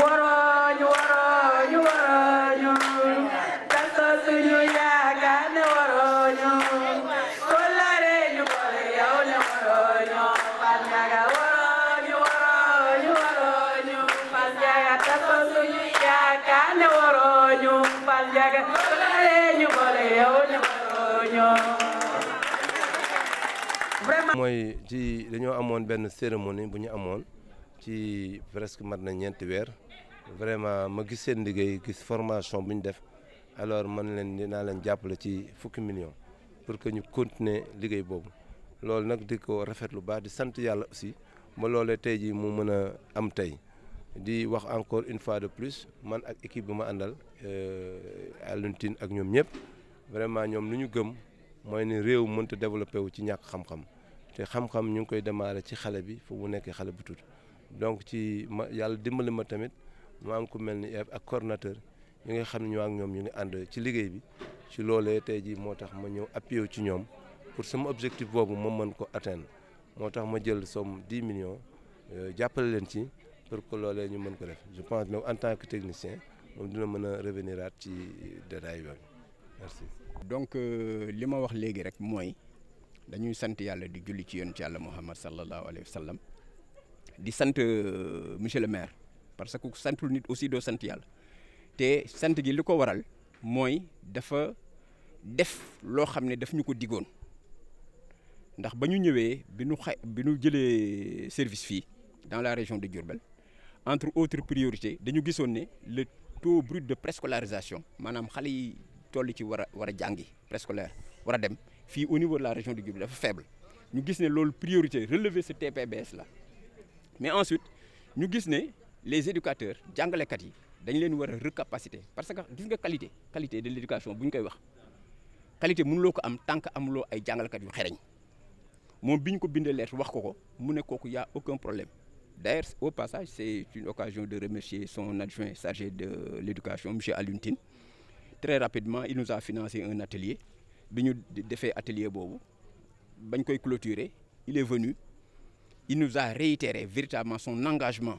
warooñu warooñu warooñu taso suñu yaakaar ne warooñu kóllare ñu boole yow ñu boole yow ne warooñu mooy ci dañoo amoon benn cérémonie bu ñu amoon ci presque mat na ñeenti weer vraiment ma gis seen liggéey gis formation bu ñu def alors man leen dinaa leen jàppale ci fukki million pour que ñu continuer liggéey boobu loolu nag di ko rafet lu baax di sant yàlla aussi ma loolee tey jii mu mën a am tey di wax encore une fois de plus man ak équipe bi ma àndal euh, Alioune Tine ak ñoom ñëpp vraiment ñoom lu ñu gëm mooy ni réew mënta développé wu ci ñàkk xam-xam te xam-xam ñu ngi koy démarrer ci xale bi fu mu nekk xale bu tuuti donc ci ma ma tamit. mu am ku mel ni ak coordinateur ñi nga xam ne ñu ak ñoom ñu ngi ànd ci liggéey bi ci loolee tey ji moo tax ma ñëw appuyé ci ñoom pour sama objectif boobu ma mën ko atteindre moo tax ma jël somme 10 millions euh, jàppale leen ci pour que loolee ñu mën ko def je pense nag en tant que technicien moom dina mën a revenir aat ci détail yooyu merci. donc euh, li ma wax léegi rek mooy dañuy sant yàlla di julli ci yoon ci yàlla Muhammad sallallahu alayhi wa sallam di sant euh, monsieur le maire parce que santul nit aussi do sant yalla té sant gi liko waral moy dafa def lo xamné daf ñuko ko ndax bañu ñëwé biñu biñu service fi dans la région de Diourbel entre autres priorités dañu gissone né, le taux brut de préscolarisation manam xalé yi toll ci wara wara jangi, préscolaire wara dem fi au niveau de la région de Diourbel dafa faible ñu giss né lool priorité relever ce TPBS là mais ensuite ñu giss né les éducateurs ils yi dañ leen wara recapacité parce que gis nga qualité qualité de l'éducation. La koy wax qualité mënu l'éducation. am tank que amuloo ay jàngalekat yu xereñ Mom biñ ko bindé lettre wax ko mu a aucun problème D'ailleurs, au passage c'est une occasion de remercier son adjoint chargé de l'éducation, M. Aluntine. très rapidement il nous a financé un atelier a fait atelier il est venu il nous a réitéré véritablement son engagement.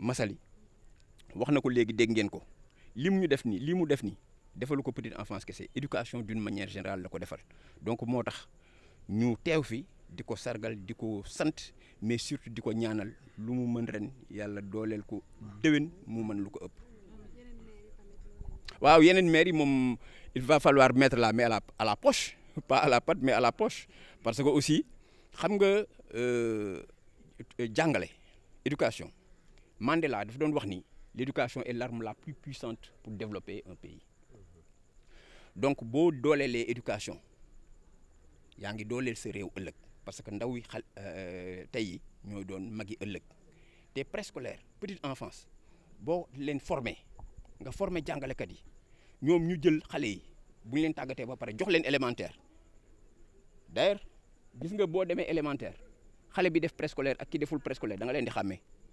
Massali. wax na ko léegi dégg ngeen ko li ñu def ni, lii mu def ni, defalu ko petite enfance c'est éducation d'une manière générale lako ko defal donc motax ñu tew fi diko sargal diko sante mais surtout diko ñaanal lu mu mën ren Yalla dolel ko déwén mu mën luko ëpp. waaw yenen mère yi il va falloir mettre la main à la poche pas à la patte mais à la poche parce que aussi xam nga euh, jàngale éducation. Mandela dafa l'éducation est l'arme la plus puissante pour développer un pays donc boo les éducation yaa parce que ndaw yi xal euh, tey yi petite enfance boo leen formé nga formé yi ñu jël yi ba d'ailleurs gis nga boo élémentaire bi préscolaire ak ki préscolaire